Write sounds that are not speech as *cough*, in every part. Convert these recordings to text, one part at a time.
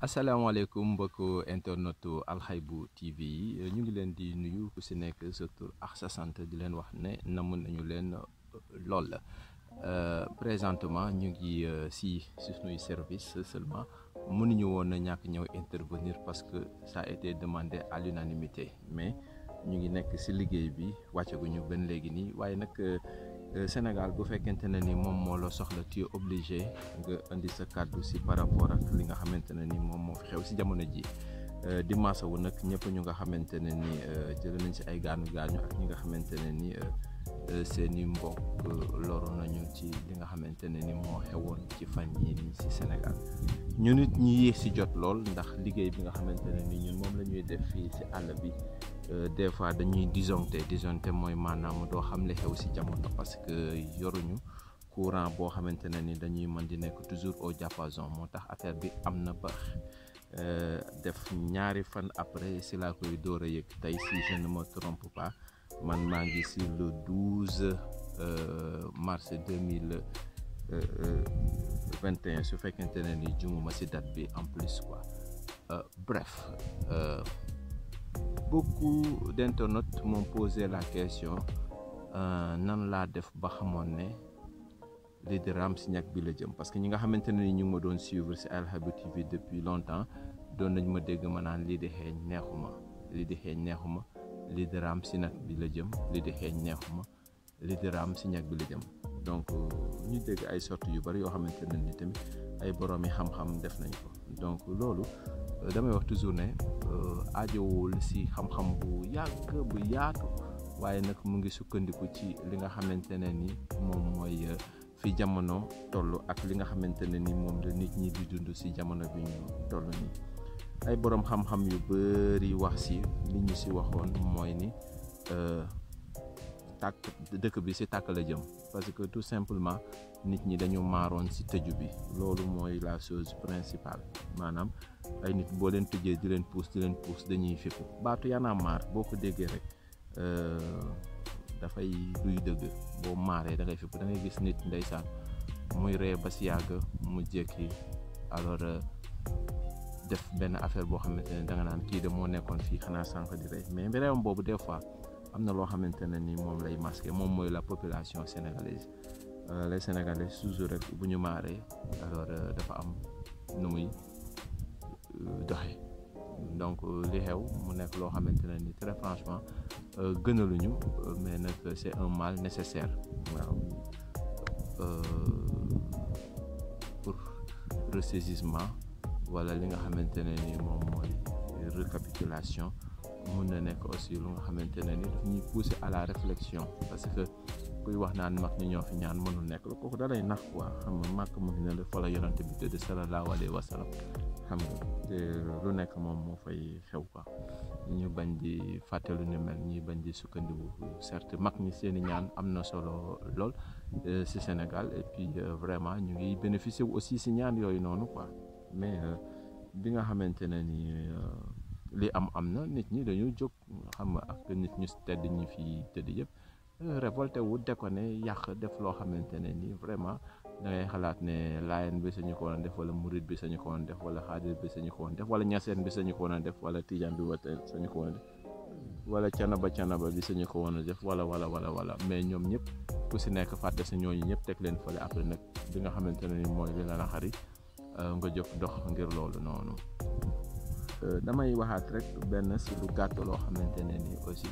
asalaamaaleykum mbokku internetu alxaybu tv yi ñu ngi leen di nuyu ku si nekk surtout ak sa sant di leen wax ne namm nañu leen lool la euh, présentement ñu ngi euh, si suñuy service seulement mënuñu woon ñàkk ñëw intervenir parce que sa a été demandé à l'unanimité mais ñu ngi nekk si liggéey bi wàccaguñu benn léegi nii waaye nag euh, Euh, Sénégal bu fekkente ne ni moom moo la soxla tu es obligé nga indi sa kàddu si par rapport ak li nga xamante ne ni moom moo xew si jamono ji euh, di maasawu nag ñëpp ñu nga xamante ne ni euh, jëlee nañ si ay gaañu gaañu ñi nga xamante ne ni seeni mbokk loru nañu ci li nga xamante ne ni moo xewoon ci fan yi nii si Sénégal ñu nit ñi yéex si jot lool ndax liggéey bi nga xamante ne ni ñun moom la def fii ci àll bi. Euh, des fois dañuy disjoncté disjoncté mooy maanaam doo xam ne xew si jamono parce que yoruñu courant boo xamante ne ni dañuy man di nekk toujours au diapason moo tax affaire bi am na ba euh, def ñaari fan après si laa koy door a yëg tey si je ne me pas man maa ngi si le 12 euh, mars su fekkente ne ni jumuma ci date bi en plus quoi bref. beaucoup d'internautes m'ont posé la question euh, nan laa def ba xamoon ne lii di si Ñakk bi la jëm parce que ñi nga xamante ne ni ñu ma doon suivre si Al Habiba TV depuis longtemps doon nañ ma dégg ma naan lii de xeeñ neexuma lii di xeeñ neexuma lii di Ram's Ñakk bi la jëm lii di xeeñ neexuma lii di si Ñakk bi la jëm donc ñu dégg ay sorties yu bari yoo xamante ne ni tamit ay boroomi xam-xam def nañ ko donc loolu damay wax toujours ne ajowul si xam-xam bu yàgg bu yaatu waaye nag mu ngi sukkandiku ci li nga xamante ne ni moom mooy euh, fi jamono toll ak li nga xamante ne ni moom la nit ñi di dund si jamono bi ñu toll ni ay boroom xam-xam yu bari wax si li ñu si waxoon mooy ni euh, tàkk dëkk bi si tàkk la jëm parce que tout simplement nit ñi dañu maaroon si tëju bi loolu mooy la chose principale maanaam ay nit boo leen tëjee di leen puus di leen puus dañuy fippu baatu Y'en a marre boo ko déggee rek euh, dafay duy dëgg boo maaree da ngay fippu da ngay gis nit ndeysaan muy ree ba si yàgg mu jékki alors euh, def benn affaire boo xamante ne danga naan kii de moo nekkoon fii xanaa sànq mais réewam boobu des fois am na loo xamante ne ni moom lay masqué moom mooy la population sénégalaise euh, les sénégalais toujours rek bu ñu maaree alors dafa am nu doxe donc li xew mu nekk loo xamante ne ni très franchement euh, gënaluñu mais nag c'est un mal nécessaire waaw euh, pour ressaisissement wala li nga xamante ne ni moom mooy récapitulation mun na nekk aussi lu nga xamante ne ni daf ñuy pousser à la réflexion parce que kuy wax naan mag ñi ñoo fi ñaan mënul nekk kooku da lay nax quoi xam nga mu ngi ne la fa la yonante bi tëdd sallallahu alayhi wa xam nga te lu nekk moom moo fay xew quoi ñu bañ di fàtte lu ni mel ñuy bañ di sukkandiku certes mag ñi seeni ñaan am na solo lool ci euh, Sénégal et puis euh, vraiment ñu ngi bénéficier wu aussi ci ñaan yooyu noonu quoi mais euh, bi nga xamante ne ni li am am na nit ñi dañu jóg xam nga ak nit ñu tedd ñi fi tëdd yëpp. Euh, révolté wu ne yàq def loo xamante ne nii vraiment da xalaat ne laayen bi sañu ko woon def wala murit bi sañu ko woon def wala xaadir bi sañu ko woon def wala ñaseen bi sañu ko a def wala tijaan bi wala sañu ko woon a def wala canaba canaba bi sañu ko woon a def wala wala wala wala mais ñoom ñëpp ku si nekk fàtte si ñooñu ñëpp teg leen fële après nag bi nga xamante ne ni mooy li la la xari euh, nga jóg dox ngir loolu noonu euh, damay waxaat rek benn si lu gàtt loo xamante ne nii aussi.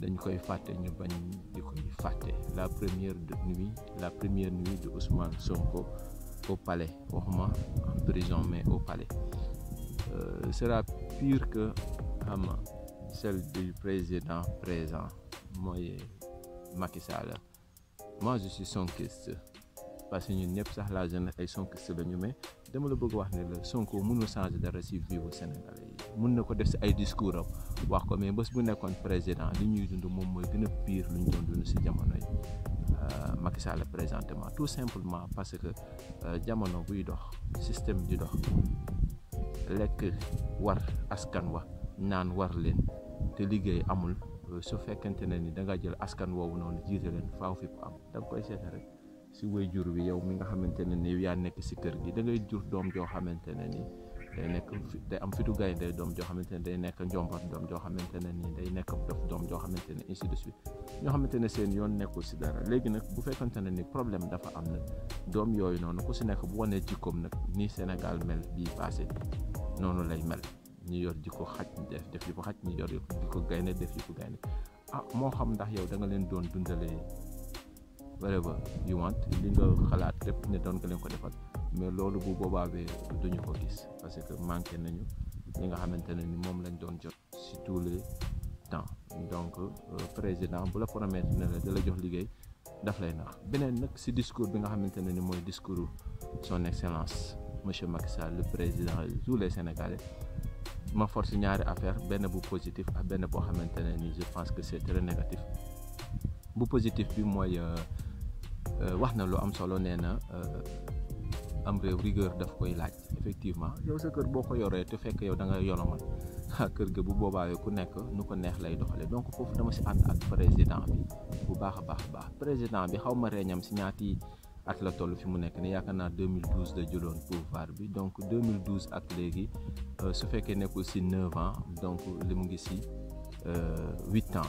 dañ koy fàtte ñu bañ di koy fàtte la première de nuit la première nuit de Ousmane Sonko au palais waxuma en prison mais au palais euh, sera pire que xam celle du président présent mooy Macky Sall moi je suis parce que ñun ñëpp sax la jeunesse ay sonkiste ñu mais dama la bëgg wax ne la Sonko mënul changer dara si vie bu mun na ko def si ay discours wax ko mais bés bu nekkoon président li ñuy dund moom mooy gën a lu ñu si jamono yi euh, Macky Sall présentement tout simplement parce que euh, jamono buy dox système di dox lekk war askan wa naan war leen te liggéey amul euh, su fekkente ne ni da nga jël askan woowu noonu jiite leen faaw fi am da nga koy seet rek. si jur bi yow mi nga xamante ne ni yaa nekk si kër gi da ngay jur doom joo xamante ne ni day nekk day am fitu gaynde doom joo xamante ne day nekk njombat doom joo xamante ne ni day nekk doom joo xamante ne ainsi de suite ñoo xamante ne seen yoon nekkul si dara léegi nag bu fekkante ne ni problème dafa am na doom yooyu noonu ku si nekk bu wanee jikkoom nag ni Sénégal mel bii passé noonu lay mel ñu yor jikko xaj def def yi xaj ñu yor jikko gaynde def yi ko gaynde ah moo xam ndax yow da nga leen doon dundalee whatever you want li nga xalaat lépp ne doon nga leen ko defal mais loolu bu boobaa du ñu ko gis parce que manqué nañu li nga xamante ne ni moom lañ doon jot si tous les temps donc euh, président bu la promettre ne la jox liggéey daf lay nax beneen nag si discours bi nga xamante ne ni mooy discours son excellence monsieur Macky Sall le président tous les sénégalais ma force ñaari affaire benn bu positif ak benn boo xamante ne ni je pense que c'est très négatif bu positif bi mooy euh, euh, wax na lu am solo nee na euh, am réew rigueur daf koy laaj effectivement yow sa kër boo ko yoree te fekk yow da nga yolomal *laughs* kër gi bu boobaa ku nekk nu ko neex lay doxale donc foofu dama si ànd ak président bi bu baax a baax a baax président bi xaw ma reeñam si ñaati at la toll fi mu nekk ne yaakaar naa 2012 la jëloon pouvoir bi donc 2012 ak léegi su fekkee nekkul si 9 ans donc li mu ngi si huit ans.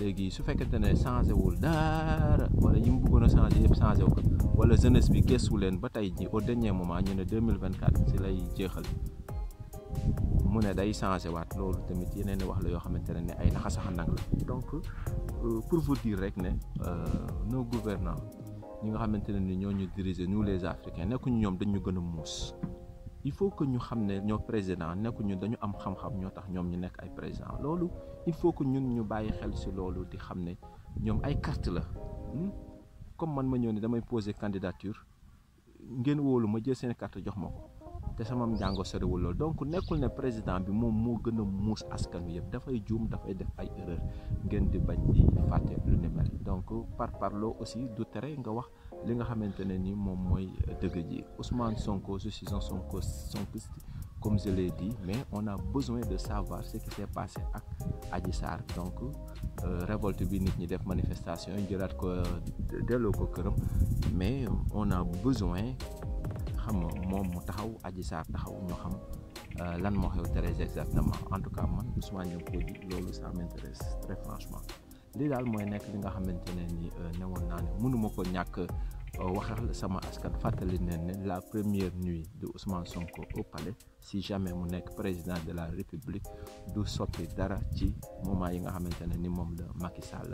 léegi su fekkente ne changé wul dara wala yi mu bëggoon a changé yëpp changé wu ko wala jeunesse bi leen ba tey ji au dernier moment ñu ne 2024 si lay jeexal mu ne day changé waat loolu tamit yeneen wax la yoo xamante ne ne ay naxasaxanang la donc euh, pour vous rek ne euh, nos gouvernants ñi nga xamante ne ni ñoo ñu diriger nu les Africains nekkuñu ñoom dañ ñu gën a muus. il faut que ñu xam ne ñoo président nekkuñu dañu am xam-xam ñoo tax ñoom ñu nekk ay président loolu il faut que ñun ñu bàyyi xel ci loolu di xam ne ñoom ay carte la hmm? comme man ma ñëw ne damay poser candidature ngeen wóolu ma jël seen carte jox ma ko te sama njàngoo sorewul loolu donc nekkul ne président bi moom moo gën a muus askan wi yëpp dafay juum dafay def ay erreur ngeen di bañ di fàtte par parloo aussi du tere nga wax li nga xamante ne ni moom mooy dëgg ji Ousmane Sonko je suis un Sonko sonkiste comme je l'ai dit mais on a besoin de savoir ce qui s'est passé ak Adji Sarr donc euh, révolte bi nit ñi def manifestation jëlaat ko delloo ko këram mais on a besoin xam nga moom mu taxaw aji Sarr taxaw ñu xam euh, lan moo xew très exactement en tout cas man Ousmane ñu ngi ko di loolu ça m'intéresse très lii daal mooy nekk li nga xamante ne ni euh, newoon naa mënuma ko ñàkk euh, waxal sama askan fàttali ne ne la première nuit de Ousmane Sonko au palais si jamais mu nekk président de la République du soppi dara ci moment yi nga xamante ne ni moom la Macky Sall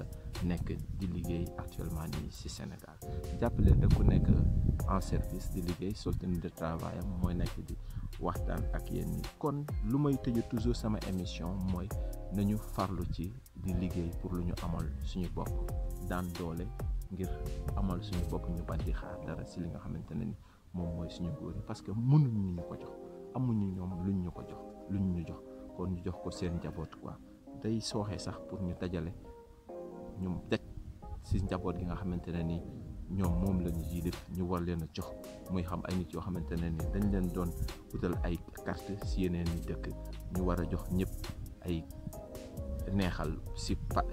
nekk di liggéey actuellement nii si Sénégal jàppale da ku nekk en service di liggéey soutenir de travail am mooy nekk di waxtaan ak yéen kon lu may tëje toujours sama émission mooy nañu farlu ci di liggéey pour lu ñu amal suñu bopp daan doole ngir amal suñu bopp ñu bañ di xaar dara si li nga xamante ne ni moom mooy suñu góor parce que mënuñu ñu ko jox amuñu ñoom luñ ñu ko jox luñ ñu jox kon ñu jox ko seen njaboot quoi day sooxee sax pour ñu dajale ñu teg si njaboot gi nga xamante ne nii ñoom moom la ñu yilif ñu war leen a jox muy xam ay nit yoo xamante ne dañ leen doon wutal ay carte si yeneen i dëkk ñu war a jox ñëpp ay neexal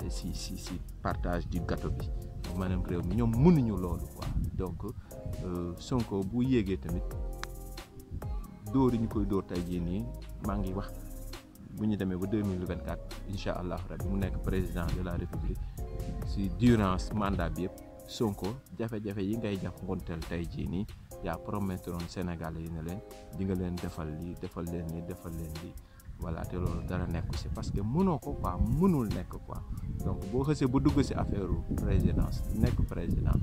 si si si partage du gâteau bi maanaam réew mi ñoom mënuñu loolu quoi donc euh, Sonko bu yéegee tamit dóor yi ñu koy dóor tey jii nii maa ngi wax bu ñu demee ba deux mille vingt quatre incha allahu rabi mu nekk président de la république si durant mandat bi yëpp. Sonko jafe-jafe yi ngay jànkuwanteel tey jii nii yaa promettoon Sénégalais yi ne leen di nga leen defal lii defal leen lii defal leen lii voilà te loolu dara nekk si parce que mënoo ko quoi mënul nekk quoi donc boo xësee bu dugg si affaire présidence nekk président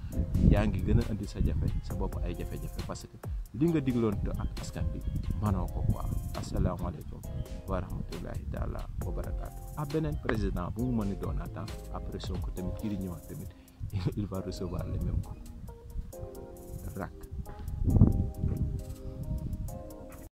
yaa ngi gën indi sa jafe sa bopp ay jafe-jafe parce que li nga digloon te ak askan bi mënoo ko quoi asalaamaaleykum wa rahmatulahi taala wa barakaatu. Ah, beneen président bu mu mën a doon à kii di ñëwaat *laughs* il va recevoir les mêmes coups.